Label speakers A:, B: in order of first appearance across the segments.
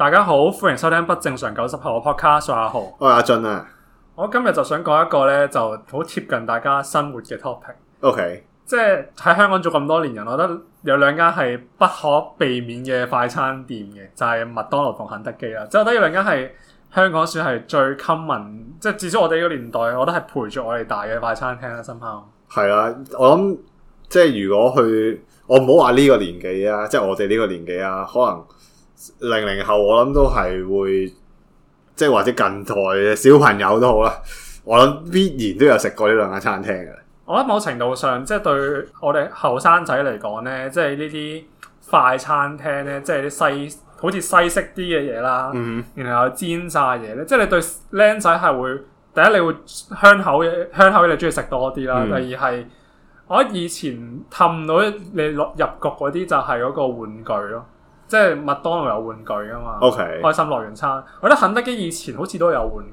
A: 大家好，歡迎收聽不正常九十後 podcast。我係阿何，我係阿俊啊。我今日就想講一個咧，就好貼近大家生活嘅 topic。OK，即係喺香港做咁多年人，我覺得有兩間係不可避免嘅快餐店嘅，就係麥當勞同肯德基啦。即係我覺得有兩間係、就是、香港算係最 common，即係至少我哋呢個年代，我覺得係陪住我哋大嘅快餐廳啦。深刻
B: 係啊。我諗即係如果去，我唔好話呢個年紀啊，即係我哋呢個年紀啊，可能。零零後我諗都係會，即係或者近台嘅小朋友都好啦，我諗必然都有食過呢兩間餐
A: 廳嘅。我諗某程度上，即係對我哋後生仔嚟講呢，即係呢啲快餐廳呢，即係啲西好似西式啲嘅嘢啦，嗯、哼然後煎炸嘢呢。即係你對僆仔係會第一你會香口嘅香口，你中意食多啲啦。嗯、第二係我以前氹到你落入局嗰啲就係嗰個玩具咯。即係麥當勞有玩具噶嘛？OK，開心樂園餐，我覺得肯德基以前好似都有玩具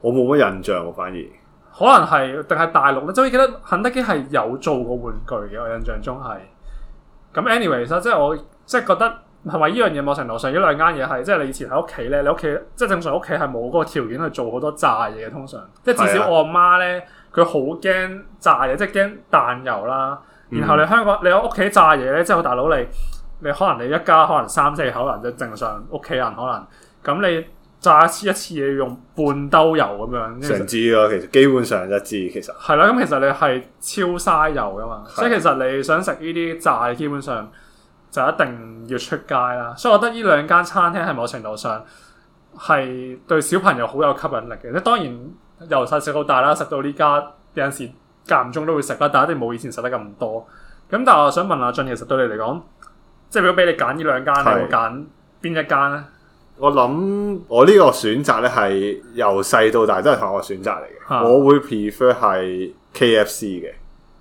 A: 我。我冇乜印象喎，反而可能係定係大陸咧，即係記得肯德基係有做過玩具嘅。我印象中係咁。Anyways，啊、即係我即係覺得係咪依樣嘢？某程度上呢兩間嘢係，即係你以前喺屋企咧，你屋企即係正常屋企係冇嗰個條件去做好多炸嘢嘅。通常即係至少我阿媽咧，佢好驚炸嘢，即係驚彈油啦。嗯、然後你香港你喺屋企炸嘢咧，即係我大佬你。你可能你一家可能三四口人，即正常屋企人可能，咁你炸一次一次嘢要用半兜油咁樣成
B: 支啦，其實，啊，其實基本上一支其實
A: 係啦，咁其實你係超嘥油噶嘛，所以其實你想食呢啲炸，基本上就一定要出街啦。所以我覺得呢兩間餐廳係某程度上係對小朋友好有吸引力嘅。即當然由細食到大啦，食到呢家有陣時間唔中都會食啦，但一定冇以前食得咁多。咁但係我想問阿俊，其實對你嚟講？即係如果俾你揀是呢兩間，你會揀邊一間咧？我諗
B: 我呢個選擇咧係由細到大都係同一個選擇嚟嘅。是我會 prefer 係 K F C 嘅。
A: 誒、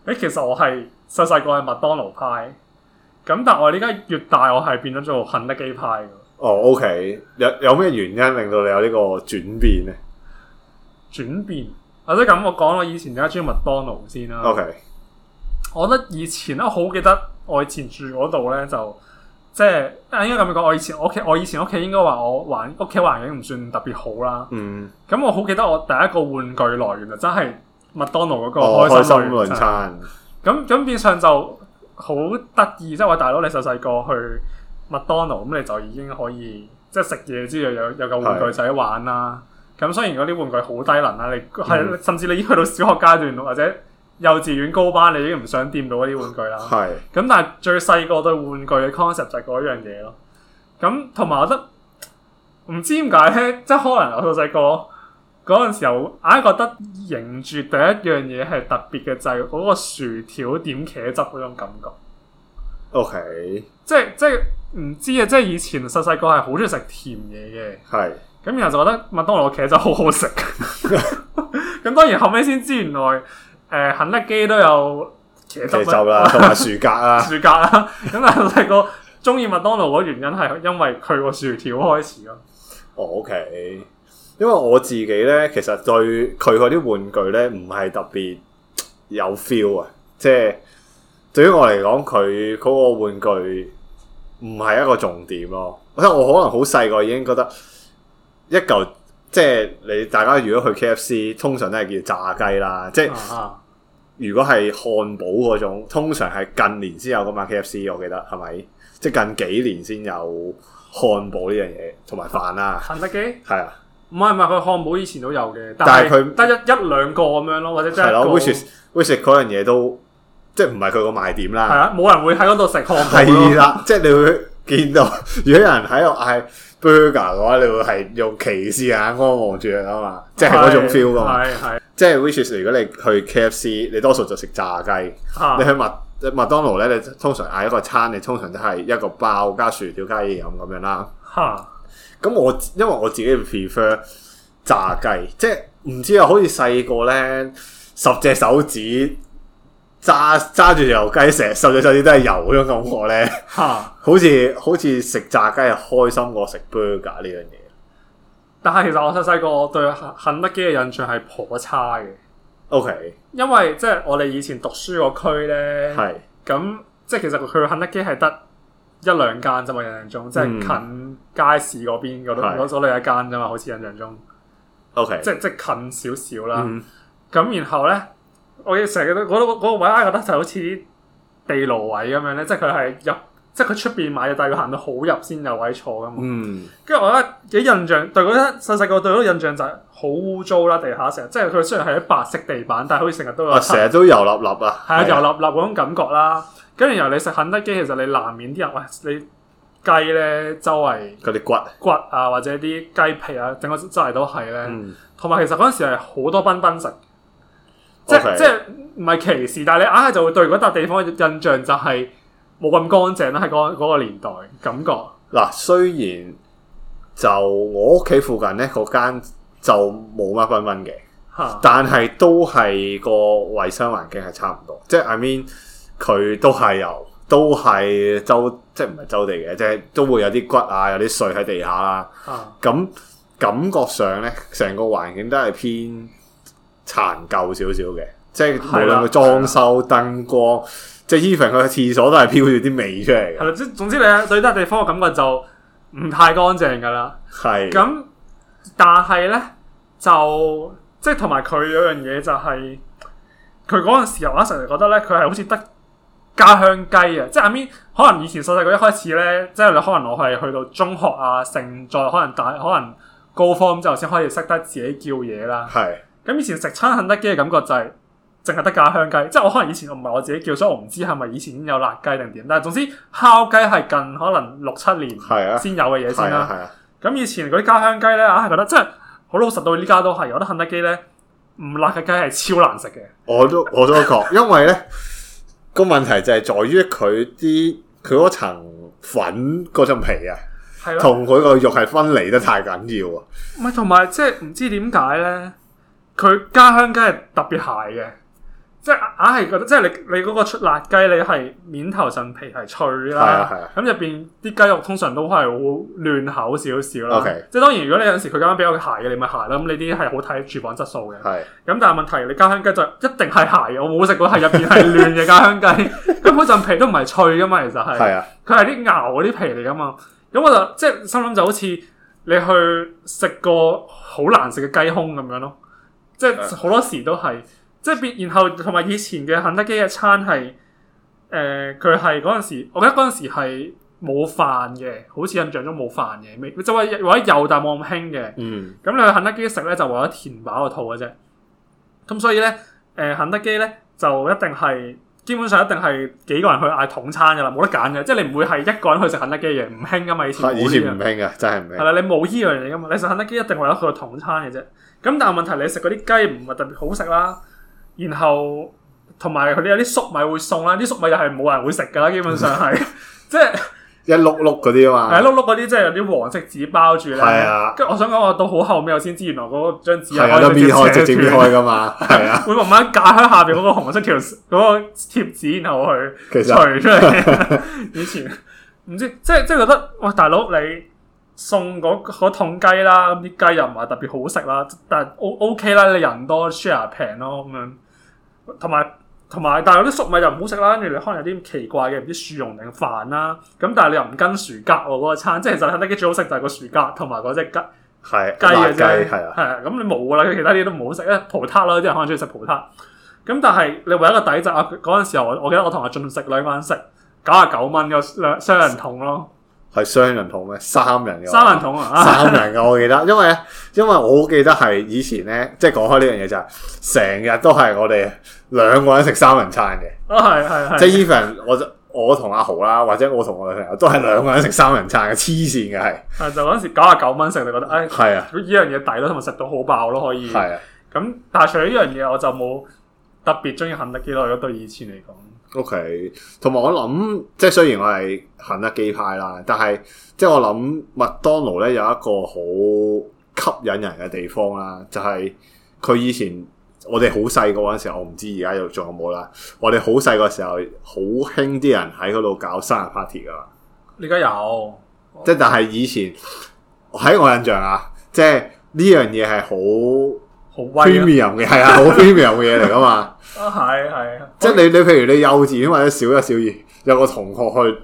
A: 欸，其實我係細細個係麥當勞派，咁但係我依家越大，我係變咗做肯德基派
B: 哦，OK，有有咩原因令到你有個轉，呢個轉變咧？
A: 轉變或者咁，我講，我以前而家鍾意麥當勞先啦。OK，我覺得以前咧好記得。我以前住嗰度咧，就即係，應該咁樣講。我以前屋企，我以前屋企應該話我環屋企環境唔算特別好啦。嗯。咁我好記得我第一個玩具來源，就真係麥當勞嗰個開心午、哦、餐。咁咁、就是、變相就好得意，即係話大佬，你細細個去麥當勞，咁你就已經可以即係食嘢之餘，有有個玩具仔玩啦。咁是雖然嗰啲玩具好低能啦，你係、嗯、甚至你已經去到小學階段，或者，幼稚園高班，你已經唔想掂到嗰啲玩具啦。係咁是，但係最細個對玩具嘅 concept 就係嗰樣嘢咯。咁同埋，我覺得唔知點解咧，即係可能我細個嗰陣時候，硬覺得迎住第一樣嘢係特別嘅，就係、是、嗰個薯條點茄汁嗰種感覺。OK，即係即係唔知啊！即係以前細細個係好中意食甜嘢嘅。係咁是，然後就覺得麥當勞嘅茄汁好好食。咁 當然後尾先知原來。誒、呃，肯德基都有騎同埋薯格啊，薯格啊。咁啊，細個鍾意麥當勞嘅原因係因為佢個薯條開始咯。哦、oh,，OK。
B: 因為我自己咧，其實對佢啲玩具咧，唔係特別有 feel 啊。即、就、係、是、對於我嚟講，佢個玩具唔係一個重點咯、啊。我我可能好細個已經覺得一舊。即係你大家如果去 K F C，通常都係叫炸雞啦。即係如果係漢堡嗰種，通常係近年先有咁啊 K F C，我記得係咪？即係近幾年先有漢堡呢樣嘢，同埋飯啦。肯德基係
A: 啊，唔係唔係，佢漢、啊嗯、堡以前都有嘅，但係佢得一一,一兩個咁樣咯，或者真係啦。Which is
B: Which is 嗰樣嘢都即係唔係佢個賣點啦。係
A: 啊，冇人會喺嗰度食漢堡咯、
B: 啊。 即係你會見到如果有人喺度嗌。Burger 嘅話，你會係用歧視眼安望住佢啊嘛，即係嗰種 feel 噶嘛，即係 which is，如果你去 KFC 你多數就食炸雞，啊、你去麥麥當勞咧你通常嗌一個餐你通常都係一個包加薯條加嘢飲咁樣啦，咁、啊、我因為我自己 prefer 炸雞，即係唔知啊，好似細個咧十隻手指。揸揸住油雞成日瘦隻細隻都係油嗰種感覺咧，吓， 好似好似食炸雞又開心過食 burger 呢樣嘢。
A: 但係其實我細細個對肯德基嘅印象係頗差嘅。O Okay . K，因為即係我哋以前讀書個區咧，係咁是即係其實佢肯德基係得一兩間啫嘛，印象中、嗯、即係近街市嗰邊嗰度嗰所另一間啫嘛，好似印象中。O Okay . K，即係即係近少少啦。咁、嗯嗯、然後咧。我亦成日都嗰度嗰個位，我覺得就好似地牢位咁樣咧，即係佢係入，即係佢出邊買嘢，但係要行到好入先有位坐嘅嘛。嗯，跟住我覺得幾印象，對嗰陣細細個對嗰啲印象就係好污糟啦，地下成日，即係佢雖然係啲白色地板，但係好似成日都有。成日都
B: 油立立啊，係啊，油立
A: 立嗰種感覺啦。跟住是、啊、由你食肯德基，其實你難免啲人喂你雞咧，周圍嗰啲骨骨啊，或者啲雞皮啊，整個周圍都係咧。同埋、嗯、其實嗰陣時係好多賓賓食。即係 Okay. 即係唔係歧視，但係你硬係、啊、就會對嗰笪地方嘅印象就係冇咁乾淨啦。喺嗰嗰個年代感覺。
B: 嗱，雖然就我屋企附近呢嗰間就冇乜分分嘅，啊、但係都係個衛生環境係差唔多。即係 I mean，佢都係由都係周即係唔係周地嘅，即係都會有啲骨啊，有啲碎喺地下啦、啊。咁、啊嗯、感覺上呢，成個環境都係偏。殘舊少少嘅，即係無論佢裝修、燈的光，的即係 even 佢個廁所都係飄住啲味出嚟
A: 嘅。係啦，即總之你對得地方嘅感覺就唔太乾淨噶啦。係咁的，但係咧就即係同埋佢嗰樣嘢就係、是，佢嗰陣時候我成日覺得咧，佢係好似得家鄉雞啊，即係 I mean 可能以前細細個一開始咧，即係你可能我係去到中學啊，成在，可能大可能高科咁就先可以識得自己叫嘢啦。係。咁以前食餐肯德基嘅感覺就係淨係得家鄉雞，即係我可能以前我唔係我自己叫，所以我唔知係咪以前已經有辣雞定點。但係總之烤雞係近可能六七年係啊先有嘅嘢，先啦。咁、啊啊啊、以前嗰啲家鄉雞咧啊，覺得真係好老實到呢家都係。我覺得肯德基咧唔辣嘅雞係超難食嘅。
B: 我都我都覺， 因為咧個問題就係在於佢啲佢嗰層粉嗰層皮啊，同佢個肉係分離得太緊要
A: 啊。唔係同埋即係唔知點解咧？佢家鄉雞係特別鞋嘅，即係硬係覺得，即係你你嗰個出辣雞，你係面頭層皮係脆啦，係啊係啊，咁入邊啲雞肉通常都係好嫩口，口少少啦。即係當然，如果你有時佢家鄉比較鞋嘅，你咪鞋咯。咁呢啲係好睇廚房質素嘅。係咁，但係問題你家鄉雞就一定係鞋嘅，我冇食過係入邊係嫩嘅家鄉雞，咁嗰層皮都唔係脆噶嘛，其實係。係啊，佢係啲牛嗰啲皮嚟噶嘛。咁我就即係心諗就好似你去食個好難食嘅雞胸咁樣咯。即係好多時都係，即係變，然後同埋以前嘅肯德基嘅餐係，誒佢係嗰陣時，我記得嗰陣時係冇飯嘅，好似印象中冇飯嘅，未就係話或者有但冇咁興嘅。嗯，咁你去肯德基食咧就為咗填飽個肚嘅啫。咁所以咧，誒、呃、肯德基咧就一定係基本上一定係幾個人去嗌桶餐嘅啦，冇得揀嘅，即係你唔會係一個人去食肯德基嘅，唔興噶嘛以前，以前唔興
B: 噶，真係唔興唔係啦。
A: 你冇依樣嘢噶嘛，你食肯德基一定為咗佢個桶餐嘅啫。咁但係問題你食嗰啲雞唔係特別好食啦，然後同埋佢哋有啲粟米會送啦，啲粟米又係冇人會食噶啦，基本上係 即係
B: 一碌碌嗰啲啊嘛，係碌
A: 碌嗰啲即係有啲黃色紙包住咧，跟住、啊、我想講我到好後尾我先知原來嗰個張紙係可以揭、啊、開嘅嘛，係啊，會慢慢架喺下邊嗰個紅色條嗰 個貼紙然後去除出嚟，實啊、 以前唔知即係即係覺得哇大佬你。送嗰桶雞啦，啲雞又唔係特別好食啦，但係 O O K 啦，你人多 share 平咯咁樣。同埋同埋，但係有啲粟米就唔好食啦，跟住你可能有啲奇怪嘅，唔知薯蓉定飯啦。咁但係你又唔跟薯格喎嗰個餐，即係其實肯德基最好食就係個薯格同埋嗰隻雞，
B: 係是雞嘅啫，係雞
A: 啊。咁你冇啦，佢其他啲都唔好食啊，葡撻啦，啲人可能中意食葡撻。咁但係你為一個抵制。啊，嗰陣時候我記得我同阿俊食兩晚食九十九蚊個雙人桶咯。
B: 係雙人桶咩？三人嘅，啊，三人桶啊，三人嘅我記得，因為咧，因為我記得係以前咧，即係講開呢樣嘢就係成日都係我哋兩個人食三人餐嘅，啊係係
A: 係，即係
B: even 我就我同阿豪啦，或者我同我女朋友都係兩個人食三人餐嘅，黐線嘅係，
A: 就嗰陣時九十九蚊食你覺得，哎，係啊，呢樣嘢抵咯，同埋食到好爆咯，可以，係啊，咁是但係除咗呢樣嘢，我就冇特別中意肯德基咯，如果對以前嚟講。
B: O K，同埋我諗，即係雖然我係肯德基派啦，但係即係我諗麥當勞咧有一個好吸引人嘅地方啦，就係、是、佢以前我哋好細個嗰陣時，我唔知而家又仲有冇啦。我哋好細個時候好興啲人喺嗰度搞生日 party 噶嘛？
A: 而家有，即係但係
B: 以前喺我印象啊，即係呢樣嘢係好
A: 好 premium
B: 嘅的，係 啊，好 premium 嘅嘢嚟噶嘛。 係係， 即係你你譬如你幼稚園或者小一、小二有個同學去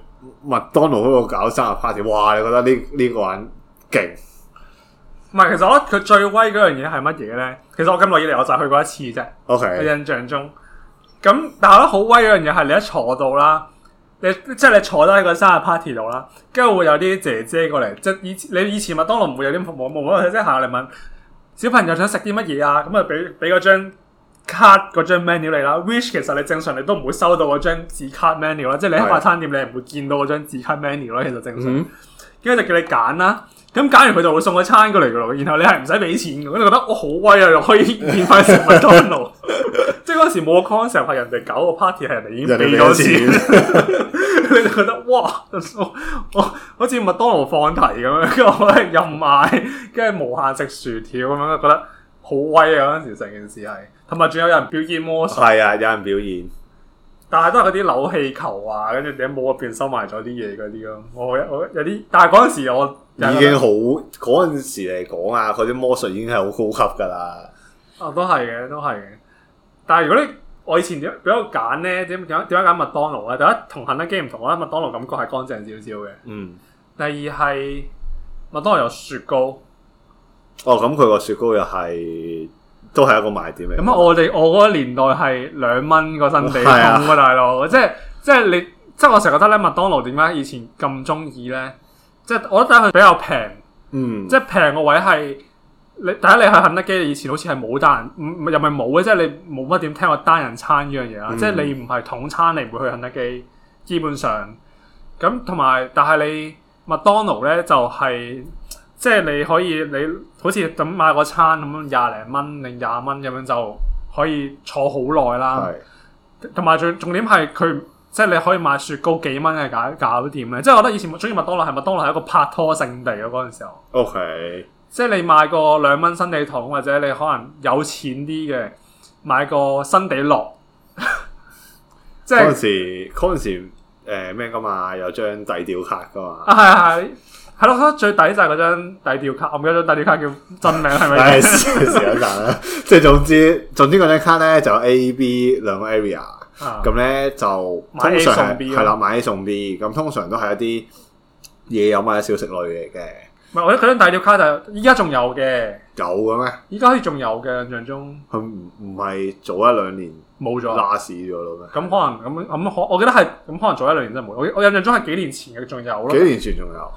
B: 麥當勞嗰度搞生日 party，哇！你覺得呢呢、呢個人勁？
A: 唔係，其實我覺得佢最威嗰樣嘢係乜嘢咧？其實我咁耐以嚟，我就去過一次啫。
B: OK，印
A: 象中，咁但係我覺得好威嗰樣嘢係你一坐到啦，你即係、就是、你坐低喺個生日 party 度啦，跟住會有啲姐姐過嚟，即係以你以前麥當勞唔會有啲模模模啊即姐行嚟問小朋友想食啲乜嘢啊，咁啊俾俾個張。卡嗰張 menu 嚟啦，which 其實你正常你都唔會收到嗰張紙卡 menu 啦，即係你喺快餐店你唔會見到嗰張紙卡 menu 啦，其實正常。跟住、嗯、哼就叫你揀啦，咁揀完佢就會送個餐過嚟嘅咯，然後你係唔使俾錢嘅，咁你覺得哇好威啊，又可以免費食麥當勞。即係嗰時冇 concept 成日係人哋搞個 party，係人哋已經俾咗錢，你就覺得哇，好、哦、似麥當勞放題咁樣，跟住又買，跟住無限食薯條咁樣，覺得好威啊！嗰陣時成件事係。同係咪仲有人表演魔術？係啊，有
B: 人表演，
A: 但係都係嗰啲扭氣球啊，跟住點喺帽入邊收埋咗啲嘢嗰啲咯。我我有啲，但係嗰陣時我已經
B: 好，嗰陣時嚟講啊，嗰啲魔術已經係好高級噶啦。
A: 哦、啊，都係嘅，都係嘅。但係如果你我以前點點樣揀咧？點點點解揀麥當勞啊？第一同肯德基唔同啊，麥當勞感覺係乾淨少少嘅。嗯。第二係麥當勞有雪
B: 糕。哦，咁佢個雪糕又係。都係一個賣點嚟。咁、嗯、
A: 我哋我嗰個年代係兩蚊個新地通啊，大佬，即係即係你，即係我成日覺得咧，麥當勞點解以前咁中意咧？即係我覺得，佢比較平，嗯即，即係平個位係你。第一，你去肯德基，你以前好似係冇單人，又咪冇嘅，即係你冇乜點聽過單人餐呢樣嘢啊？嗯、即係你唔係統餐，你唔會去肯德基，基本上。咁同埋，但係你麥當勞咧就係、是。即係你可以，你好似咁買個餐咁樣廿零蚊，定廿蚊咁樣就可以坐好耐啦。同埋是最重點係佢，即係你可以買雪糕幾蚊嘅，搞搞掂咧。即係我覺得以前中意麥當勞，係麥當勞係一個拍拖聖地咯。嗰陣時候，OK，即係你買個兩蚊新地桶，或者你可能有錢啲嘅買個新地樂。 即係嗰陣時，
B: 嗰陣時
A: 誒咩噶嘛？有張仔釣卡噶嘛？係係、啊。係咯，最抵就係嗰張底調卡，我唔記得張底調卡叫真名係咪？係是啦，
B: 即係總之總之嗰張卡咧就 A、B 兩個 area，咁咧就買 A 送 B。係啦，買 A 送 B，咁通常都係一啲嘢有賣小食類嘅。
A: 唔係，我覺得嗰張底調卡就依家仲有嘅，有嘅咩？依家可以仲有嘅，印象中
B: 佢唔唔係早一兩年
A: 冇咗，last 咗咯。咁可能咁咁可，我記得係咁可能早一兩年真係冇。我我印象中係幾年前嘅，仲有咯。幾年前仲有。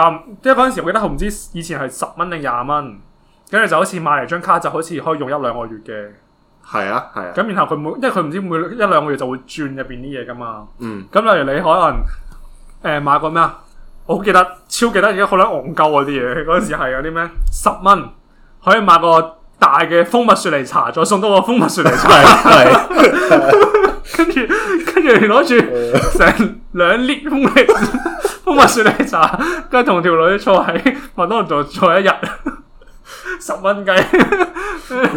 A: 但即係嗰陣時，我記得好唔知以前係十蚊定廿蚊，跟住就好似買嚟張卡，就好似可以用一兩個月嘅。
B: 係啊，係啊。咁
A: 然後佢每，因為佢唔知每一兩個月就會轉入面啲嘢噶嘛。嗯。咁例如你可能，誒、呃、買個咩啊？我記得超記得而家好撚戇鳩嗰啲嘢，嗰、嗯、時係嗰啲咩十蚊可以買個。大嘅蜂蜜雪梨茶，再送到個蜂， 蜂，蜂蜜雪梨茶，跟住跟住攞住成兩粒蜂蜜蜂蜜雪梨茶，跟住同條女坐喺麥當勞度坐一日，十蚊雞，跟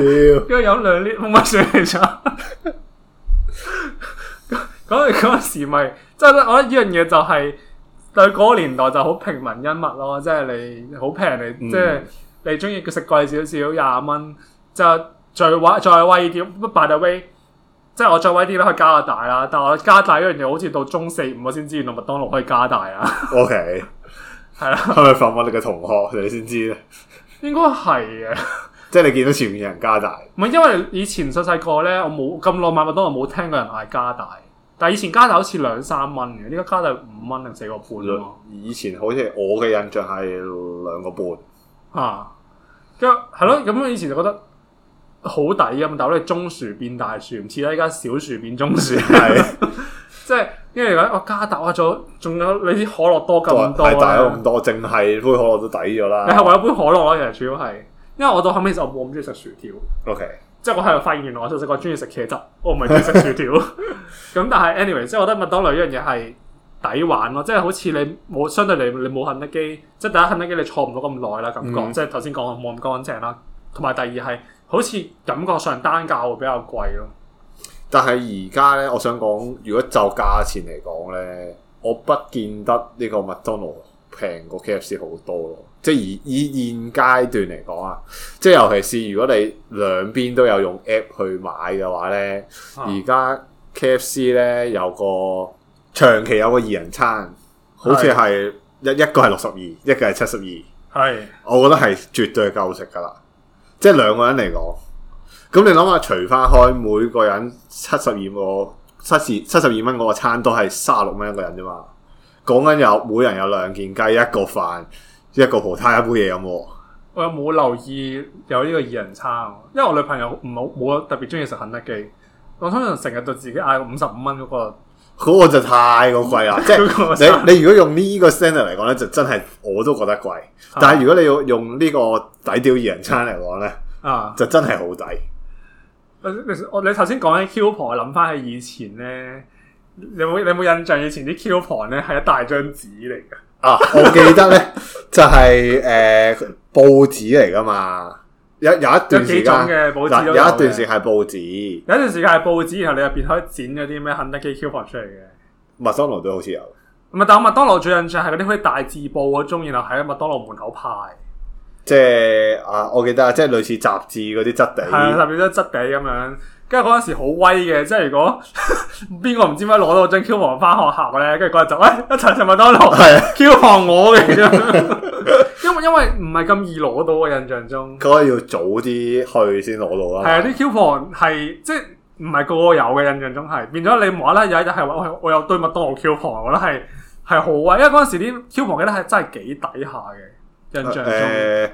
A: 住有兩粒蜂蜜雪梨茶。嗰嗰時咪即係咧，我覺得呢樣嘢就係對嗰個年代就好平民恩物咯，即係你好平，你即係。嗯你中意佢食貴少少廿蚊，就最威最威再威再威啲，擺大威，即係我再威啲啦。可以加大啦。但係我加大嗰樣嘢，好似到中四五我先知，原來麥當勞可以加大啊。
B: O K，係啦，係咪訪問我哋嘅同學你先知咧？
A: 應該係嘅，
B: 即係你見到前面有人加大。
A: 唔係因為以前細細個咧，我冇咁耐買麥當勞冇聽過人嗌加大，但係以前加大好似兩三蚊嘅，呢家加大五蚊定四個半？
B: 以前好似我嘅印象係兩個半。
A: 啊，咁係咯，咁我以前就覺得好抵咁，但係你中薯變大薯，唔似咧依家小薯變中薯。係即係，因為如果我加大咗，仲有你啲可樂多咁多，係大咗咁
B: 多，淨係杯可樂都抵咗啦。你係為
A: 咗杯可樂咯，其實主要係，因為我到後尾就我唔中意食薯條，OK，即係我喺度發現原來我細細個中意食茄汁，我唔係中意食薯條，咁 但係 anyway，即係我覺得麥當勞一樣嘢係。抵玩咯，即係好似你冇，相對嚟你冇肯德基，即係第一肯德基你坐唔到咁耐啦，感覺、嗯、即係頭先講冇咁乾淨啦。同埋第二係好似感覺上單價會比較貴咯。
B: 但係而家咧，我想講，如果就價錢嚟講咧，我不見得呢個麥當勞平過 KFC 好多咯。即係以以現階段嚟講啊，即係尤其是如果你兩邊都有用 App 去買嘅話咧，而家、啊、KFC 咧有個。長期有個二人餐，
A: 好似係
B: 是一一個係六十二，一個係七十二，
A: 係，
B: 我覺得係絕對夠食噶啦。即係兩個人嚟講，咁你諗下除翻開每個人七十二個七十七十二蚊嗰個餐都係三十六蚊一個人啫嘛。講緊有每人有兩件雞，一個飯，一個葡撻，一杯嘢飲。咁
A: 我有冇留意有呢個二人餐。因為我女朋友唔好冇特別中意食肯德基，我通常成日對自己嗌五十五蚊嗰個。
B: 嗰個就太過貴啦， 即係 你你如果用個呢個 standard 嚟講咧，就真係我都覺得貴。啊、但係如果你要用呢個底調二人餐嚟講咧，啊，就真係好抵。
A: 你你你 ON, 我你頭先講起 coupon，諗翻起以前咧，你有，有你有冇印象？以前啲 coupon 咧係一大張紙嚟
B: 噶。啊，我記得咧 就係、是、誒、呃、報紙嚟噶嘛。有有一段，有幾種嘅報紙，
A: 有一段時間係報紙，有一段時間係報紙，報紙然後你入邊可以剪嗰啲咩肯德基 Q 王出嚟嘅。
B: 麥當勞都好似有。
A: 唔係，但係麥當勞最印象係嗰啲可以大字報嗰種，然後喺麥當勞門口派。
B: 即係啊，我記得啊，即係類似雜誌嗰啲質地，係、啊、特
A: 別啲質地咁樣。跟住嗰陣時好威嘅，即係如果邊個唔知乜攞到張 Q 王翻學校咧，跟住嗰日就喂一齊食麥當勞，係是啊 ，Q 王我嘅。 因為唔係咁易攞到，我印象中，
B: 嗰個要早啲去先攞到啦。係啊，啲
A: coupon 係即係唔係個個有嘅，印象中係變咗你唔話啦，有一日係話我我有對麥當勞 coupon，我覺得係係好啊，因為嗰陣時啲 coupon 記得係真係幾抵下嘅，印象
B: 中，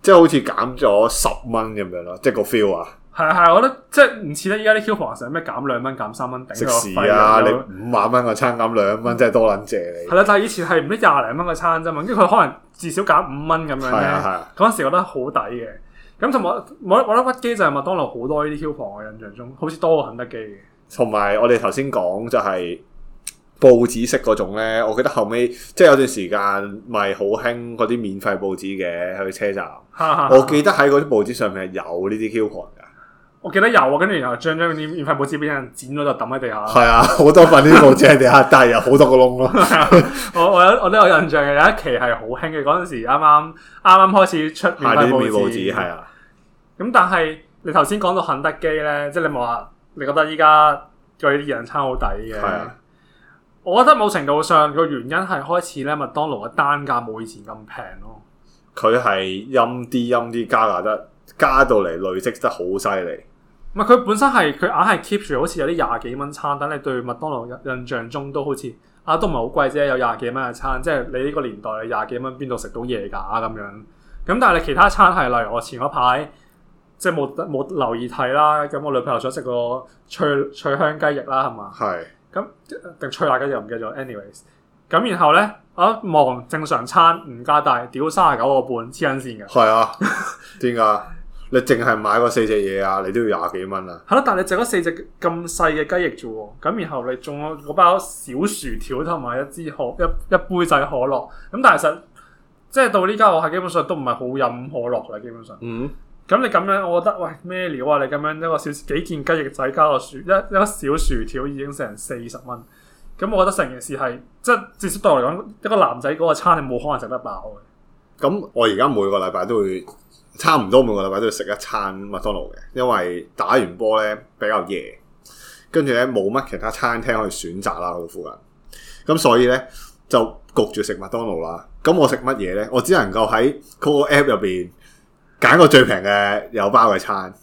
B: 即係好似減咗十蚊咁樣咯，即係個 feel 啊。
A: 係啊，係，我覺得即係唔似得依家啲 coupon 成咩減兩蚊減三蚊，頂個肺啊！你
B: 五萬蚊個餐減兩蚊，真係多撚謝你。
A: 係啦，但係以前係唔知廿零蚊個餐啫嘛，跟住佢可能至少減五蚊咁樣咧。嗰陣時覺得好抵嘅。咁同埋我我覺得屈機就係麥當勞好多呢啲 coupon。我印象中，好似多過肯德基嘅。
B: 同埋我哋頭先講就係報紙式嗰種咧，我記得後尾，即係有段時間咪好興嗰啲免費報紙嘅去車站。
A: 我記得喺
B: 嗰啲報紙上面係有呢啲 coupon。
A: 我記得有啊，跟住然後將將啲免費報紙俾人剪咗，就抌喺地下。係 啊，好多份啲報紙喺地下，
B: 但係有好多個窿咯。
A: 我我我都有印象嘅，有一期係好興嘅，嗰陣時啱啱啱啱開始出免費報紙，係啊。咁但係你頭先講到肯德基咧，即係你冇話你覺得依家佢啲人餐好抵嘅。啊，我覺得某程度上個原因係開始咧，麥當勞嘅單價冇以前咁平咯。
B: 佢係陰啲陰啲加價得加到嚟累積得好犀利。
A: 唔係佢本身係佢硬係 keep 住，好似有啲廿幾蚊餐。等你對麥當勞印象中都好似啊都唔係好貴啫，有廿幾蚊嘅餐。即係你呢個年代你、啊，廿幾蚊邊度食到嘢噶咁樣？咁但係你其他餐係，例如我前嗰排即係冇冇留意睇啦。咁我女朋友想食個脆脆香雞翼啦，係嘛？係咁定脆辣雞翼唔記得咗。anyways，咁然後咧，我、啊、望正常餐唔加大，屌三十九個半，黐緊線噶。係啊，
B: 點解？ 你淨係買個四隻嘢啊，你都要廿幾蚊啦。
A: 係咯，但係你食咗四隻咁細嘅雞翼啫，咁然後你仲個包小薯條同埋一支可一一杯仔可樂。咁但係實即係到呢家我係基本上都唔係好飲可樂嘅，基本上。嗯。咁你咁樣， 嗯嗯嗯、我覺得喂咩料啊？你咁樣一個少幾件雞翼仔加個薯一一個小薯條已經成四十蚊。咁我覺得成件事係即係，即使對我嚟講，一個男仔嗰個餐你冇可能食得飽嘅。
B: 咁我而家每個禮拜都會。差唔多每個禮拜都要食一餐麥當勞嘅，因為打完波咧比較夜，跟住咧冇乜其他餐廳可以選擇啦，嗰附近。咁所以咧就焗住食麥當勞啦。咁我食乜嘢咧？我只能夠喺嗰個 app 入邊揀個最平嘅有包嘅餐。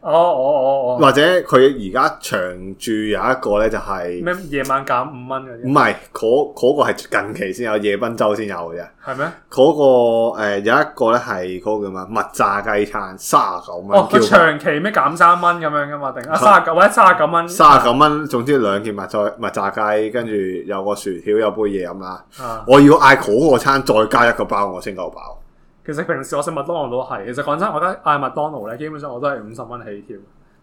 A: 哦哦哦哦，oh, oh, oh, oh. 或者
B: 佢而家長住有一個咧，就係咩
A: 夜晚減五蚊嘅。
B: 唔係，嗰嗰、那個係近期先有，夜賓州先有嘅。係咩嗎？嗰、那個誒、呃、有一個咧係嗰個叫咩？蜜炸雞餐卅九蚊。哦，叫、oh, 佢長
A: 期咩減三蚊咁樣噶嘛？定啊卅九或者卅九蚊？卅
B: 九蚊，uh, 總之兩件蜜炸蜜炸雞，跟住有個薯條，有杯嘢飲啦。Uh, 我要嗌嗰個餐再加一個包，我先夠飽。
A: 其實平時我食麥當勞都係，其實講真，我而家嗌麥當勞咧，基本上我都係五十蚊起跳，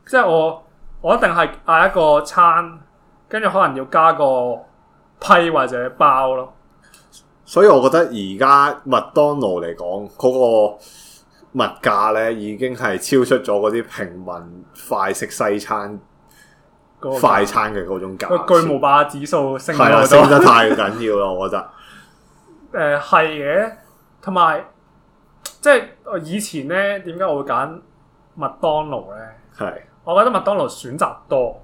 A: 即係我我一定係嗌一個餐，跟住可能要加個批或者包咯。
B: 所以我覺得而家麥當勞嚟講嗰個物價咧，已經係超出咗嗰啲平民快食西餐，
A: 那個，快餐
B: 嘅嗰種價。巨無霸
A: 指數升咗，升得
B: 太緊要啦！我覺
A: 得。誒、 呃，係嘅，同埋。即係以前咧，點解我會揀麥當勞咧？係是，我覺得麥當勞選擇多，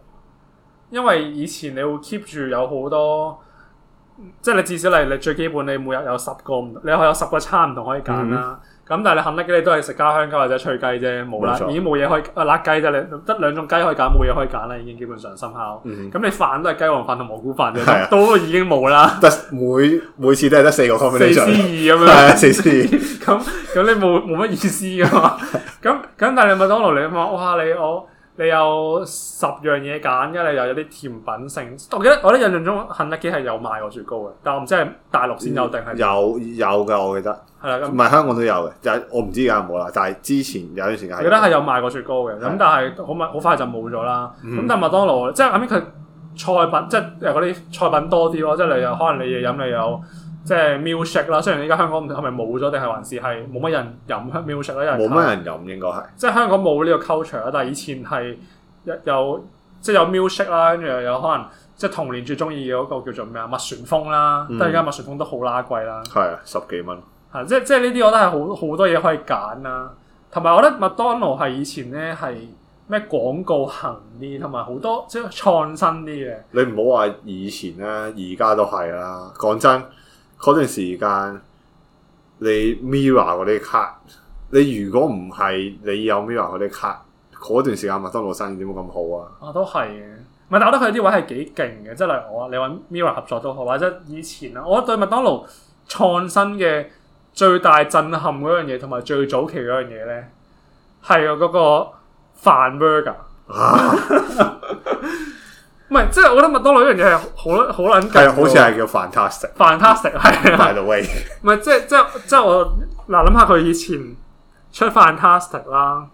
A: 因為以前你會 keep 住有好多，即係你至少例你最基本，你每日有十個唔，你可有十個餐唔同可以揀啦、啊。嗯咁但係你肯德基你都係食家鄉雞或者脆雞啫，冇啦，沒錯 已經冇嘢可以啊辣雞啫，兩得兩種雞可以揀，冇嘢可以揀啦，已經基本上深烤。咁、嗯、你飯都係雞皇飯同蘑菇飯啫，是啊、都已經冇啦。
B: 得每每次都係得四個方面，四 C 二咁樣，四 C 二
A: 咁咁你冇冇乜意思㗎嘛？咁咁 但係你麥當勞你話哇你我。你有十樣嘢揀嘅，你又有啲甜品性。我記得我記得印象中肯德基係有賣過雪糕嘅，但我唔知係大陸先有定係。有
B: 有㗎，我記得。係啦，唔係香港都有嘅，就係我唔知而家有冇啦。但係之前有段時間。我記得係
A: 有賣過雪糕嘅，咁的但係好好快就冇咗啦。咁、嗯、但係麥當勞即係後面佢菜品，即係嗰啲菜品多啲咯，即係你又可能你嘢飲你有。即係 milkshake 啦，雖然而家香港唔係咪冇咗，定係還是係冇乜人飲 milkshake 咧？冇乜人飲應該係。即係香港冇呢個 culture 啦，但係以前係有即係有 milkshake 啦，跟住又有可能即係童年最中意嗰個叫做咩啊？麥旋風啦，嗯、但係而家麥旋風都好拉貴啦，
B: 係、啊、十幾蚊。
A: 係即即係呢啲我覺得係好好多嘢可以揀啦、啊，同埋我覺得麥當勞係以前咧係咩廣告行啲，同埋好多即係創新啲嘅。
B: 你唔好話以前、啊、啦，而家都係啦，講真。嗰段時間，你 Mirror 嗰啲卡，你如果唔係你有 Mirror 嗰啲卡，嗰段時間麥當勞生意點會咁好啊？
A: 啊，都係嘅，唔係，但係我覺得佢啲位係幾勁嘅，即係例如我，你揾 Mirror 合作都好，或者以前啊，我對麥當勞創新嘅最大震撼嗰樣嘢，同埋最早期嗰樣嘢咧，係嗰個飯 burger。啊 唔係，即係我覺得麥當勞呢樣嘢係好好撚勁，好似係叫 Fantastic，Fantastic 係。唔係，即係即係即係我嗱諗下佢以前出 Fantastic 啦，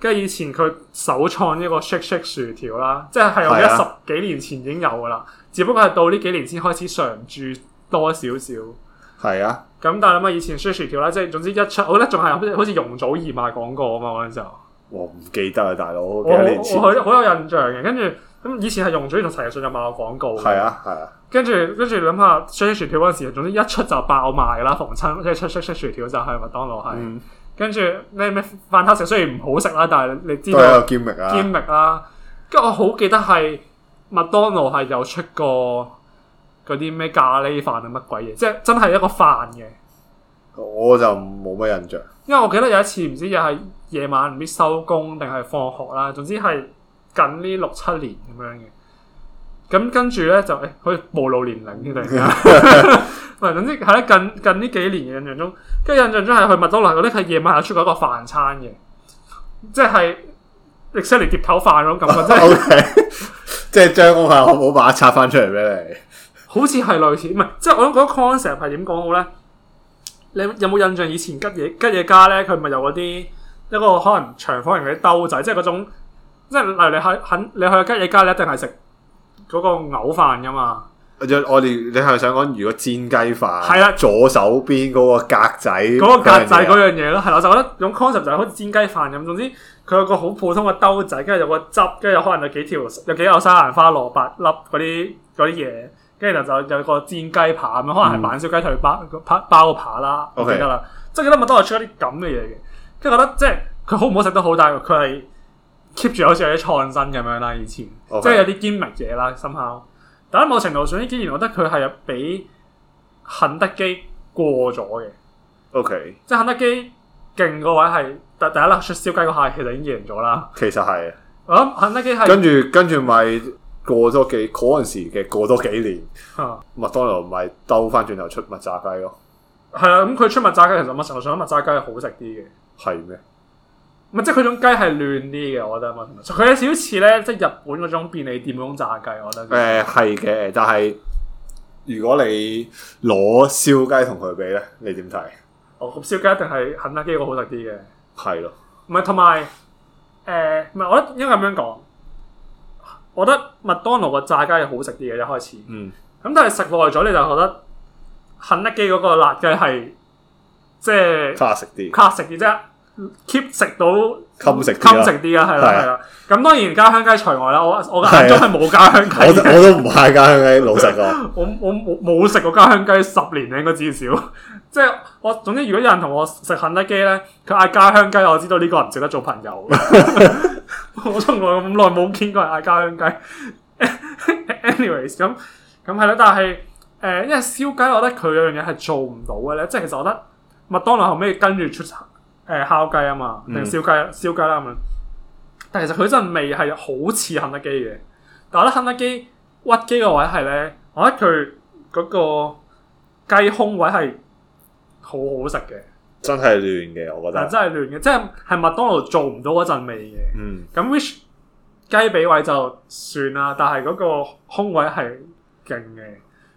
A: 跟住以前佢首創呢個 shake shake 薯條啦，即係係我記得十幾年前已經有噶啦，的只不過係到呢幾年先開始常駐多少少。
B: 係啊的。
A: 咁但係諗下以前 shake 薯，薯條啦，即係總之一出，我覺得仲係好似容祖兒賣廣告啊嘛嗰陣時候。
B: 我唔、哦、記，記得啊，大佬幾年前。我
A: 好有印象嘅，跟住。跟咁以前係用咗呢個陳奕迅嘅賣個廣告，係啊係啊。跟住跟住諗下，出薯條嗰陣時，總之一出就爆賣啦，逢親即係出出出薯條就係、是、麥當勞係。跟住咩咩飯叉食雖然唔好食啦，但係你知道都有兼秘啊。兼秘啦，跟住我好記得係麥當勞係有出過嗰啲咩咖喱飯定乜鬼嘢，即係真係一個飯嘅。
B: 我就冇乜印象，
A: 因為我記得有一次唔知又係夜晚唔知收工定係放學啦，總之係。近呢六七年咁樣嘅，咁跟住咧就誒、欸，好似暴露年齡啲突然唔係，總之係咧近近呢幾年嘅印象中，跟住印象中係去麥當勞嗰啲係夜晚係出過一個飯餐嘅，即係食西嚟碟頭飯嗰種感覺，即係即係將嗰個漢堡包拆翻出嚟俾你。好似係類似唔係，即係我都覺得 concept 係點講好咧？你有冇印象以前吉野吉野家咧？佢咪有嗰啲一個可能長方形嗰啲兜仔，即係嗰種。即係嗱，你喺肯，你去吉野家，你一定係食嗰個牛飯噶嘛？
B: 我哋你係想講如果煎雞飯係啦， 左手邊嗰個格仔，嗰個格仔嗰
A: 樣嘢咯，係 我就覺得種 concept 就係好似煎雞飯咁。總之佢有個好普通嘅兜仔，跟住有個汁，跟住可能有幾條有幾有西蘭花蘿蔔、蘿蔔粒嗰啲啲嘢，跟住就就有個煎雞扒咁樣，可能係板燒雞腿包、包扒啦咁樣啦。即係我覺得麥當勞出咗啲咁嘅嘢嘅，即係覺得即係佢好唔好食都好，但係佢係。Keep 住好似有啲創新咁樣啦、啊，以前 Okay. 即係有啲堅密嘢啦，深刻。但喺某程度上，竟然覺得佢係比肯德基過咗嘅。O Okay . K，即係肯德基勁個位係第第一粒出燒雞個下其實已經贏咗啦。
B: 其實係，我
A: 諗肯德基係跟住
B: 跟住咪過咗幾嗰陣時嘅過多幾年，啊、麥當勞咪兜翻轉頭出麥炸雞
A: 咯。係啊，咁、嗯、佢出麥炸雞其實某程度上麥炸雞係好食啲嘅。
B: 係咩？
A: 唔即係佢種雞係嫩啲嘅，我覺得。佢有少似咧，即係日本嗰種便利店嗰種炸雞，我覺得、呃。誒
B: 係嘅，但係如果你攞燒雞同佢比咧，你點睇？
A: 哦，燒雞一定係肯德基嗰個好食啲嘅。係咯的，唔係同埋誒，唔係、呃、我覺得應該咁樣講。我覺得麥當勞個炸雞係好食啲嘅一開始一。嗯。咁但係食耐咗你就覺得肯德基嗰個辣雞係即係卡食啲，卡食啲啫。class ic keep 食到冚食食啲啊，係啦係啦。咁、啊、當然家鄉雞除外啦，我我眼中係冇家鄉雞。 我都唔嗌
B: 家鄉雞，老實
A: 講。 我我冇食過家鄉雞十年啦，應該至少。即 係、就是、我總之，如果有人同我食肯德基咧，佢嗌家鄉雞，我知道呢個唔值得做朋友。 我從來咁耐冇見過人嗌家鄉雞。 anyways，咁咁係啦，但係誒、呃，因為燒雞，我覺得佢有樣嘢係做唔到嘅咧，即、就、係、是、其實我覺得麥當勞後尾跟住出。誒、呃、烤雞啊嘛，定燒雞、嗯、燒雞啦咁樣。但其實佢陣味係好似肯德基嘅，但我覺得肯德基屈機個位係咧，我覺得佢嗰個雞胸位係好好食嘅。
B: 真係嫩嘅，我覺得但真係
A: 嫩嘅。真係嫩嘅，即係係麥當勞做唔到嗰陣味嘅。嗯。咁 which 雞髀位就算啦，但係嗰個胸位係勁嘅。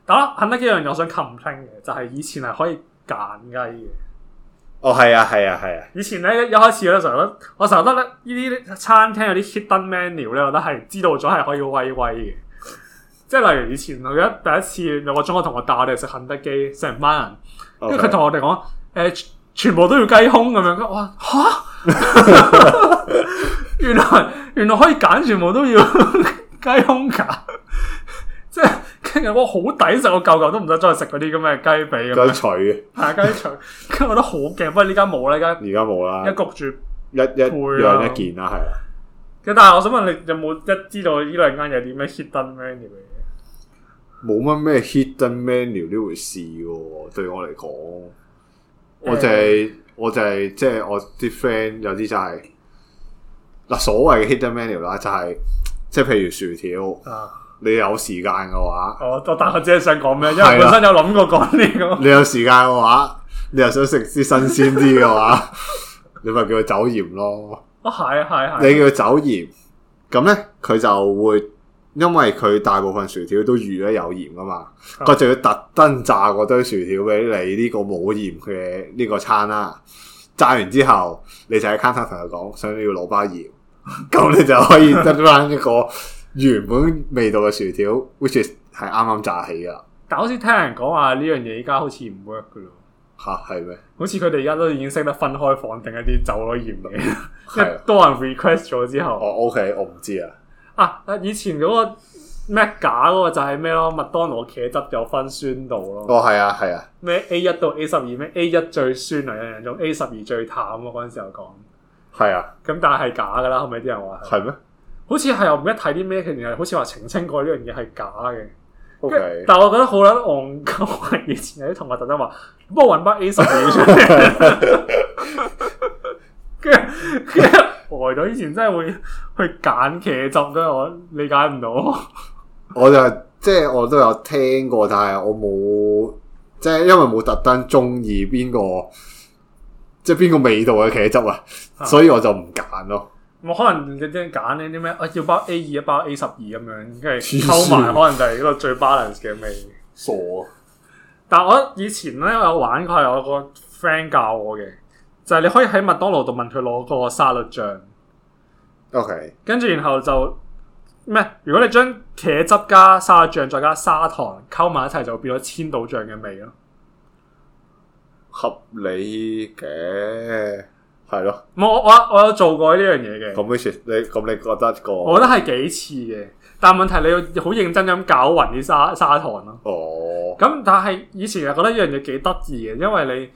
A: 但係肯德基有一樣嘢，我想 complain 嘅就係、係、以前係可以揀雞嘅。
B: 哦，係啊，係啊，係啊！
A: 以前咧一開始咧，成日都我成日覺得咧，呢啲餐廳有啲 hidden menu 咧，我覺得係知道咗係可以威威嘅。即係例如以前我記得第一次有個中學同學帶我哋食肯德基，成班人，Okay. 跟住佢同我哋講：誒、欸，全部都要雞胸咁樣。跟住我話：嚇、啊， 原來原來可以揀，全部都要雞胸㗎， 即係。聽人我好抵食，我舊舊都唔使再去食嗰啲咁嘅雞髀咁。雞腸，扒雞腸，咁我都好驚。不過呢間冇啦，呢間而家冇啦，一焗住，一
B: 一兩一件啦，係
A: 啦。但係我想問你，有冇一知道呢兩間有啲咩 hidden menu 嘅嘢？
B: 冇乜咩 hidden menu 呢回事喎，對我嚟講，
A: 我就係、欸、
B: 我就係即係我啲 friend 有啲就係嗱所謂嘅 hidden menu 啦，就係即係譬如薯條啊。你有時間嘅話，哦、我我得係姐想講咩？因為本身有諗過講呢個的。 你有時間嘅話，你又想食啲新鮮啲嘅話， 你咪叫佢走鹽咯。
A: 哦，係啊，係啊，係。你叫
B: 佢走鹽，咁呢，佢就會因為佢大部分薯條都預咗有鹽噶嘛，佢的就要特登炸個堆薯條俾你呢個冇鹽嘅呢個餐啦。炸完之後，你就喺 counter 同佢講，想要攞包鹽，咁你就可以執翻一個。 原本味道嘅薯條，which is，係啱啱炸起噶，
A: 但好似聽人講話呢樣嘢而家好似唔 work 噶咯。吓，係咩？好似佢哋而家都已經識得分開放定一啲酒咯鹽味。即係多人 request 咗之後。哦，OK，我唔知啊。啊，以前嗰個咩假嗰個就係咩咯？麥當勞茄汁有分酸度咯。哦，係啊，係啊。咩 A 一到 A 十二咩？A 一最酸啊，有人中？A 十二最淡啊，嗰陣時候講。係啊，咁但係假噶啦，後尾啲人話係咩？好似係又唔記得睇啲咩嘅，然後好似話澄清過呢樣嘢係假嘅。Okay. 但係我覺得好捻戇鳩，係以前有啲同學特登話，幫我搵包 A 十俾你。跟住跟住，呆到、呃、以前真係會去揀茄汁都，我理解唔到。
B: 我就即、是、係、就是、我都有聽過，但係我冇即係因為冇特登中意邊個，即係邊個味道嘅茄汁啊，所以我就
A: 唔揀咯。啊我可能你啲揀呢啲咩？我要包 A 二，一包 A 十二咁樣，跟住溝埋，可能就係嗰個最 balance 嘅味。傻瓜！但係我以前咧有玩過，佢係我個 friend 教我嘅，就係你可以喺麥當勞度問佢攞個沙律醬。OK，跟住然後就咩？如果你將茄汁加沙律醬再加砂糖溝埋一齊，就變咗千島醬嘅味咯。
B: 合理嘅。係咯，我我我有
A: 做過呢樣嘢嘅。
B: 咁你算咁你覺得、個？我覺得係幾
A: 似嘅，但係問題你要好認真咁搞匀啲砂砂糖咯。哦。咁但係以前又覺得呢樣嘢幾得意嘅，因為你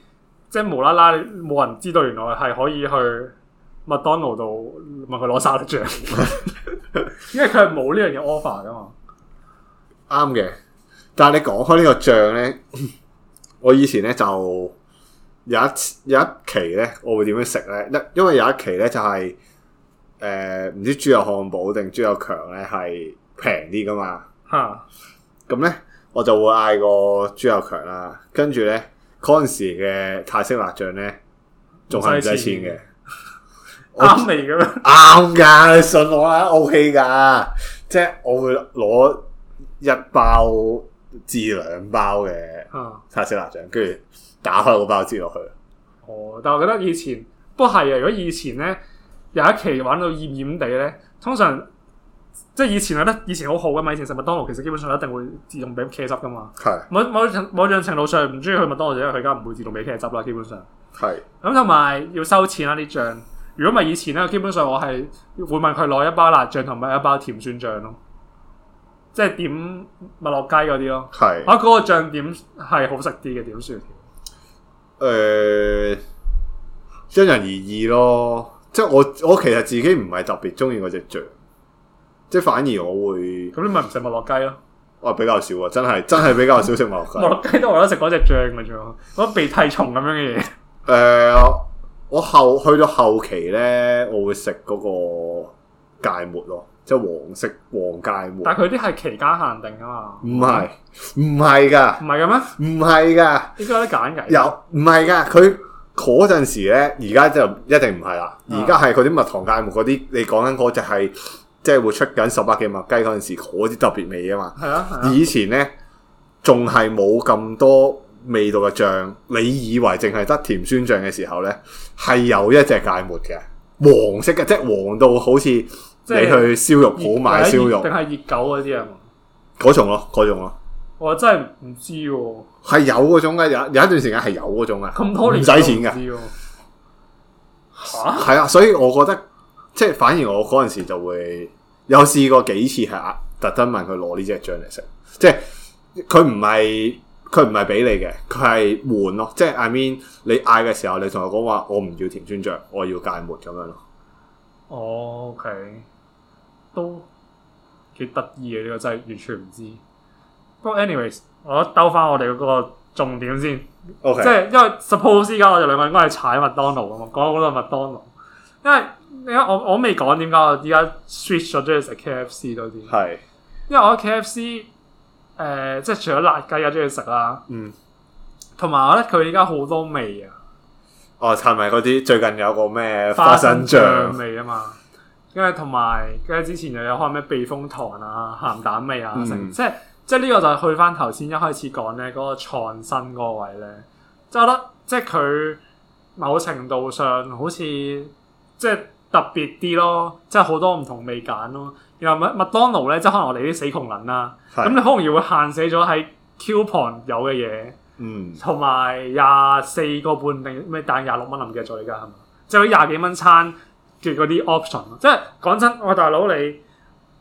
A: 即係無啦啦冇人知道，原來係可以去麥當勞度問佢攞沙律醬， 因為佢係冇呢樣嘢 offer 噶嘛。
B: 啱嘅，但係你講開個醬呢個醬咧，我以前咧就。有一有一期咧，我會點樣食咧？因因為有一期咧就係、是、誒，唔、呃、知豬肉漢堡定豬肉強咧，係平啲噶嘛嚇。咁咧、啊，我就會嗌個豬肉強啦。跟住咧，嗰陣時嘅泰式辣醬咧，
A: 仲係唔使錢嘅。
B: 啱
A: 嚟嘅咩？
B: 啱噶 我， 你信我啦，OK 噶。即係我會攞一包至兩包嘅泰式辣醬，跟住、啊。打開個包紙落去。哦，
A: 但係我覺得以前，不過係啊。如果以前咧，有一期玩到厭厭哋咧，通常即係、就是、以前咧，以前好好噶嘛。以前食麥當勞其實基本上一定會自動俾茄汁噶嘛。係。某某層某種程度上唔中意去麥當勞，就因為佢而家唔會自動俾茄汁啦。基本上係。咁同埋要收錢啦啲醬。如果咪以前咧，基本上我係會問佢攞一包辣醬同埋一包甜酸醬咯。即係點麥樂雞嗰啲咯。係。啊，嗰、那個醬點係好食啲嘅點算？
B: 誒、嗯，因人而異咯，即係我我其實自己唔係特別中意嗰隻醬，即係反而我會，咁你咪唔食麥樂雞咯？我、啊、比較少啊，真係真係比較少食麥樂雞。麥樂
A: 雞都為咗食嗰隻醬嘅啫，嗰、
B: 那個、鼻涕蟲咁樣嘅嘢。誒、嗯，我後去到後期咧，我會食嗰個芥末咯。即係黃色黃芥末，但係佢啲係
A: 期間限定噶嘛？唔係、
B: 嗯，唔係噶，唔係噶咩？唔係噶，應該得啲揀嘅。有唔係噶？佢嗰陣時咧，而家就一定唔係啦。而家係佢啲蜜糖芥末嗰啲，你講緊嗰隻係即係會出緊十百幾蚊雞嗰陣時嗰啲特別味啊嘛。係啊，啊以前咧仲係冇咁多味道嘅醬，你以為淨係得甜酸醬嘅時候咧，係有一隻芥末嘅黃色嘅，即係黃到好似。你去燒肉鋪買燒肉，定
A: 係熱狗嗰啲啊？
B: 嗰種咯，嗰種咯。
A: 我真係唔知。
B: 係有嗰種嘅，有有一段時間係有嗰種嘅，咁多年唔使、啊、錢嘅。
A: 吓、啊，係
B: 啊，所以我覺得即係反而我嗰陣時就會有試過幾次係啊，特登問佢攞呢隻醬嚟食。即係佢唔係佢唔係俾你嘅，佢係換咯。即係 I mean，你嗌嘅時候，你同佢講話，我唔要甜酸醬，我要芥末咁樣咯。
A: o、oh, k、okay. 都幾得意嘅，呢個真係完全唔知。不過 anyways，我兜翻我哋嗰個重點先，Okay. 即係因為 suppose 而家我哋兩個應該係踩麥當勞啊嘛，講到好多麥當勞。因為你我我未講點解我而家 switch 咗中意食 K F C 多啲，係因為我覺得 K F C 誒、呃，即係除咗辣雞又中意食啦，嗯，同埋我覺得佢而家好多味啊。
B: 哦，係咪嗰啲最近有個咩花生醬
A: 味啊嘛？因為同埋，佢之前又有開咩避風塘啊、鹹蛋味啊，嗯、即係即係呢個就係去翻頭先一開始講咧嗰個創新個位咧，即係覺得即係佢某程度上好似即係特別啲咯，即係好多唔同味揀咯。然後麥麥當勞咧，即係可能我哋啲死窮人啦、啊，咁你好容易會限死咗喺 coupon 有嘅嘢，嗯，同埋廿四個半定咩但係廿六蚊咁嘅在而家係嘛，即係嗰廿幾蚊餐。嘅嗰啲 option 即係講真，我、哎、大佬你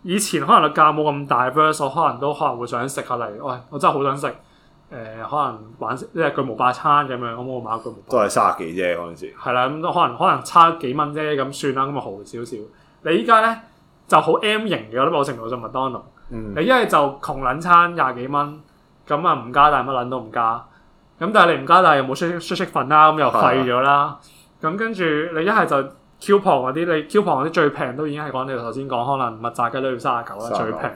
A: 以前可能個價冇咁大 first 可能都可能會想食下嚟，喂、哎，我真係好想食，誒、呃，可能玩即係巨無霸餐咁樣，我冇買巨無
B: 霸。都係卅幾啫，嗰陣時。
A: 係啦，咁都可能可能差幾蚊啫，咁算啦，咁咪豪少少。你依家咧就好 M 型嘅，我某程度食麥當勞。你一係就窮撚餐廿幾蚊，咁啊唔加大，乜撚都唔加。咁但係你唔加大，又冇出息，出息份啦，咁又廢咗啦。咁跟住你一係就。Q 旁嗰啲，你 Q 旁嗰啲最平都已經係講，你頭先講，可能物雜雞都要三十九啦，最平。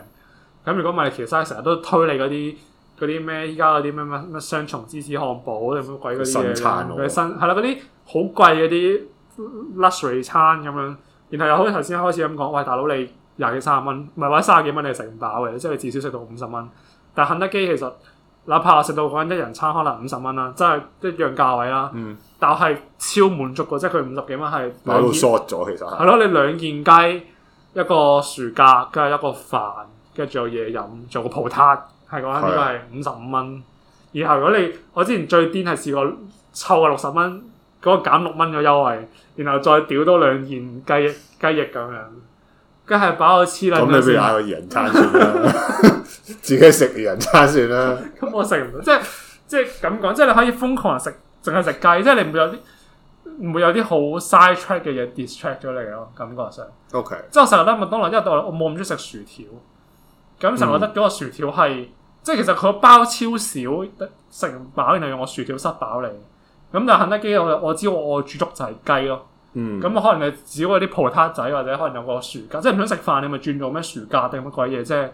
A: 咁如果唔係，其實成日都推你嗰啲嗰啲咩依家嗰啲咩咩咩雙重芝士漢堡定乜鬼嗰啲新餐，啊，嗰啲新係啦，嗰啲好貴嗰啲 luxury 餐咁樣。然後又好似頭先開始咁講，喂，大佬你廿幾三十蚊，唔係或者三十幾蚊你係食唔飽嘅，即係你至少食到五十蚊。但係肯德基其實。哪怕我食到嗰間一人餐可能五十蚊啦，即係一樣價位啦。嗯、但係超滿足嘅，即係佢五十幾蚊係。但都 sort 咗其實係咯，你兩件雞一個薯格，跟住一個飯，跟住仲有嘢飲，仲有個葡撻，係講緊呢個係五十五蚊。然後的如果你我之前最癲係試過湊啊六十蚊，嗰、嗰個減六蚊嘅優惠，然後再屌多兩件雞翼雞翼咁樣，梗係飽到黐啦。咁你不如嗌個二人餐算
B: 自己食人餐算啦。
A: 咁我食唔到，即係即係咁講，即係你可以瘋狂食，淨係食雞，即係你唔會有啲唔會有啲好 side track 嘅嘢 distract 咗你咯， 感覺上。O Okay . K。即係我成日得麥當勞，因為我冇咁中意食薯條，咁成日覺得嗰個薯條係，嗯、即係其實佢包超少，食唔飽，然後用個薯條塞飽你。咁但係肯德基，我知我知我煮粥就係雞咯。嗯。咁可能你只要啲葡撻仔或者可能有個薯格。即係唔想食飯，你咪轉做咩薯格定乜鬼嘢即啫。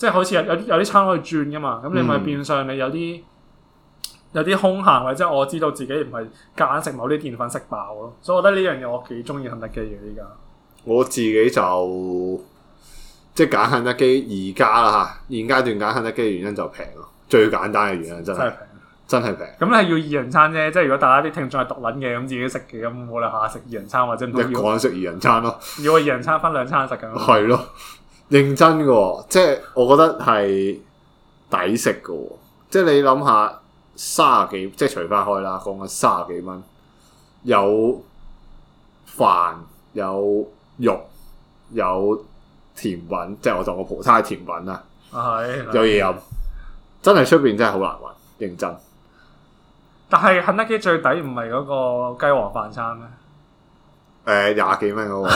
A: 即係好似有有有啲餐可以轉噶嘛，咁你咪變相你有啲、嗯、有啲空閒，或者我知道自己唔係夾硬食某啲澱粉食飽咯。所以我覺得呢樣嘢我幾中意肯德基嘅依家。
B: 我自己就即係揀肯德基而家啦嚇，現階段揀肯德基嘅原因就平咯，最簡單嘅原因真係真係平。
A: 咁係要二人餐啫，即係如果大家啲聽眾係獨撚嘅，咁自己食嘅咁冇理由食二人餐或者係唔要一個人
B: 食二人餐咯。
A: 要個二人餐分兩餐食嘅，係
B: 咯。 認真嘅、哦，即係我覺得係抵食嘅，即係你諗下卅幾，即係除花開除返開啦，講緊卅幾蚊，有飯有肉有甜品，即係我當個葡撻甜品啦，
A: 係、啊、有嘢
B: 飲，真係出邊真係好難搵，認真。
A: 但係肯德基最抵唔係嗰個雞皇飯餐咩？
B: 誒，廿幾蚊嗰個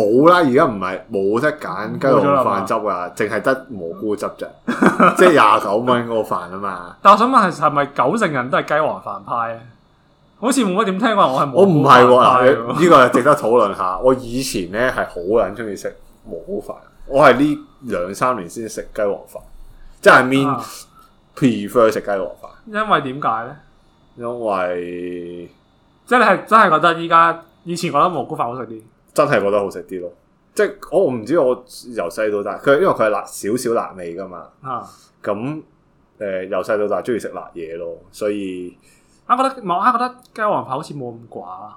B: 冇 啦，而家唔係冇得揀雞黃飯汁啊，淨係 得蘑菇汁啫， 即係廿九蚊嗰個飯啊嘛。
A: 但我想問係係咪九成人都係雞黃飯派、飯派啊？好似冇乜點聽過，我係我唔係呢個係
B: 值得討論下。 我以前咧係好人中意食蘑菇飯，我係呢兩三年先食雞黃飯，即係面 prefer 食雞黃飯。
A: 因為點解咧？
B: 因為
A: 即係你係真係覺得依家。以前覺得蘑菇飯好食啲，
B: 真係覺得好食啲咯。即係我唔知我由細到大，佢因為佢係辣少少辣味㗎嘛。咁誒由細到大鍾意食辣嘢咯，所以
A: 啊覺得，我啊覺得雞皇飯好似冇咁寡，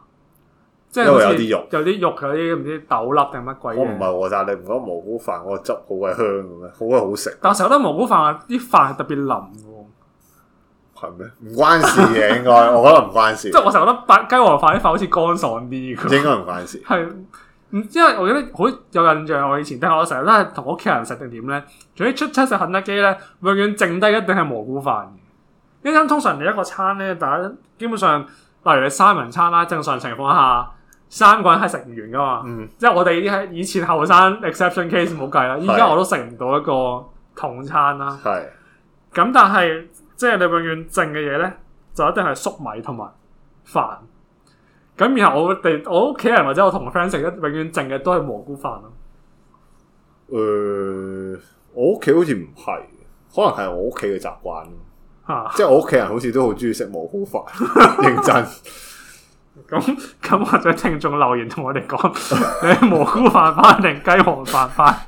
B: 即係有啲肉，肉，
A: 有啲肉，有啲唔知豆粒定乜鬼。我唔
B: 係喎，但你唔覺得蘑菇飯個汁好鬼香嘅？好鬼好食。
A: 但係成日覺得蘑菇飯啲飯係特別腍。
B: 唔關事嘅，應該我覺得唔關事。即係我成日
A: 覺得白雞皇飯啲飯好似乾爽啲嘅。應該唔關事。 係，唔知係我覺得好有印象。我以前聽我，但係我成日都係同屋企人食定點咧。除咗出七食肯德基咧，永遠剩低一定係蘑菇飯嘅。因為通常你一個餐咧，大家基本上，例如你三人餐啦，正常情況下，三個人係食唔完噶嘛。即係、嗯、我哋啲喺以前後生，exception case 唔好計啦。依家是的 我都食唔到一個同餐啦。係是的。咁但係。即係你永遠剩嘅嘢咧，就一定係粟米同埋飯。咁然後我哋我屋企人或者我同 friend 食咧，永遠剩嘅都係蘑菇飯咯。
B: 誒、呃，我屋企好似唔係，可能係我屋企嘅習慣吓，啊、即係我屋企人好似都好中意食蘑菇
A: 飯。 認真。咁咁或者聽眾留言同我哋講， 你係蘑菇飯派定雞皇飯派？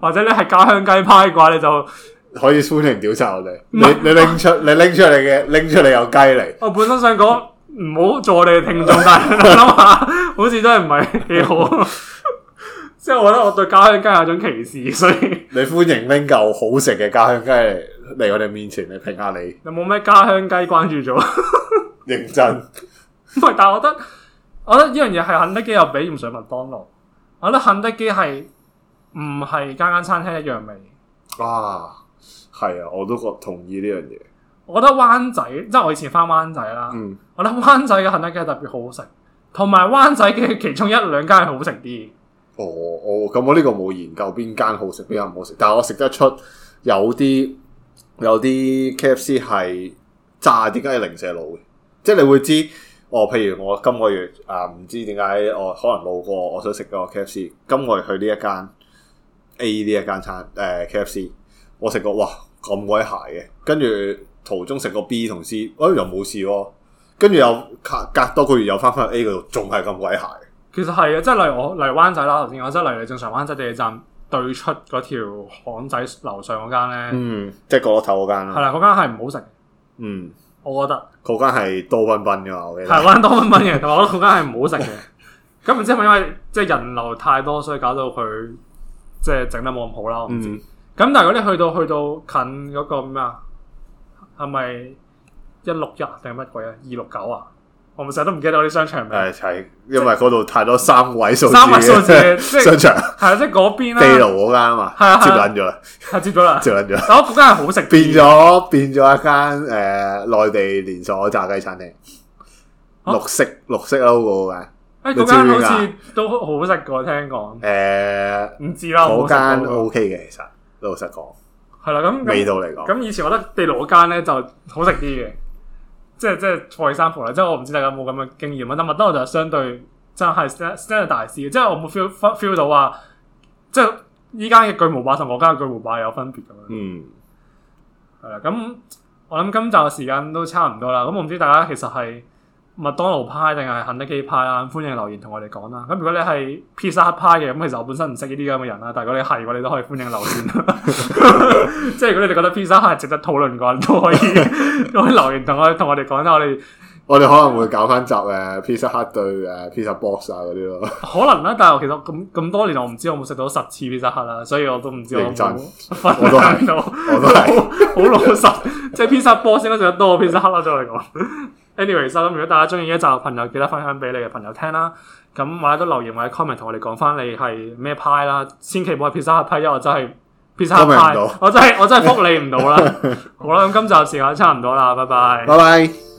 A: 或者你係家鄉雞派嘅話，你就。
B: 可以歡迎調查我哋是。你你
A: 拎出你拎出
B: 嚟嘅，拎出嚟有雞嚟。
A: 我本身想講唔好做我哋聽眾， 但係諗下，好似真係唔係幾好。即係 我覺得我對家鄉雞有種歧視，所
B: 以你歡迎拎嚿好食嘅家鄉雞嚟我哋面前嚟評下你。
A: 你有冇咩家鄉雞關注咗？
B: 認真
A: 喂，但係我覺得，我覺得呢樣嘢係肯德基又比唔上麥當勞。我覺得肯德基係唔係間間餐廳一樣味
B: 啊。係啊，我都覺同意呢樣嘢。
A: 我覺得灣仔，即係我以前翻灣仔啦。嗯、我覺得灣仔嘅肯德基特別好食，同埋灣仔嘅其中一兩間係好食啲、哦。
B: 哦，我咁我呢個冇研究邊間好食，邊間唔好食。但係我食得出有啲有啲 K F C 係炸啲，間係零舍老嘅，即係你會知。哦，譬如我今個月啊，唔、呃、知點解我可能路過我，我想食個 K F C，今個月去呢一間 A 呢一間餐誒 K F C。我食過哇，咁鬼鞋嘅，跟住途中食個 B 同 C，哎又冇事喎，跟住又隔隔多個月又翻翻去 A 度，仲係咁鬼
A: 鞋。其實係啊，即係例如我嚟灣仔啦，頭先我即係嚟你正常灣仔地鐵站對出嗰條巷仔樓上嗰間咧，嗯，
B: 即係角落頭嗰間啦。係啦，嗰
A: 間係唔好食。
B: 嗯，我覺得嗰間係多分分嘅，係嗰間多分
A: 分嘅，但係 我覺得嗰間係唔好食嘅。咁唔 知係咪因為即係人流太多，所以搞到佢即係整得冇咁好啦？我唔知。嗯咁但係嗰啲去到去到近嗰個咩啊？係咪一六一定乜鬼啊？二六九啊？我唔成日都唔記得嗰啲商場係，係因
B: 為嗰度太多三位數，三位數字嘅商場
A: 係啊，即係嗰邊啦。地牢
B: 嗰間啊嘛，接緊咗啦，
A: 係接咗啦，接緊咗。
B: 嗰間係好食，變咗變咗一間誒內地連鎖炸雞餐廳，綠色綠色撈過嘅。
A: 誒，嗰間好似都好食過，聽講誒，唔知啦，嗰間
B: OK 嘅其實。老實
A: 講，係啦，咁味道嚟講，咁以前我覺得地羅嗰間咧就好食啲嘅，即係即係菜山婆啦。即係我唔知大家有冇咁嘅經驗，咁但係麥當勞就相對真係 standard 大師，即係我冇 feel feel 到話，即係依家嘅巨無霸同我間嘅巨無霸有分別咁樣。嗯，係啦，咁我諗今集嘅時間都差唔多啦。咁我唔知大家其實係。麥當勞派定係肯德基派啊？歡迎留言同我哋講啦。咁如果你係 Pizza Hut 派嘅，咁其實我本身唔識呢啲咁嘅人啦。但係如果你係，如果你都可以歡迎留言。即係如果你哋覺得 Pizza Hut 係值得討論嘅話都可以，可以留言同我同我哋講啦。我哋我哋可能會
B: 搞翻集嘅 Pizza Hut 對誒披薩 box 啊嗰啲咯。
A: 可能啦，但係我其實咁咁多年我唔知我有冇食到十次 Pizza Hut 啦，所以我都唔知我有冇。我都係，我都係，好老實。即係披薩 box 食得多 Pizza Hut 啦，再嚟講。anyway 咁如果大家中意呢集，朋友記得分享俾你嘅朋友聽啦。咁或者都留言或者 comment 同我哋講翻你係咩派啦。千祈唔好係 P 三合派，因為我真係 P 三合派，我真係不我真係服你唔到啦。 好啦，咁今集時間差唔多啦，拜拜，拜拜。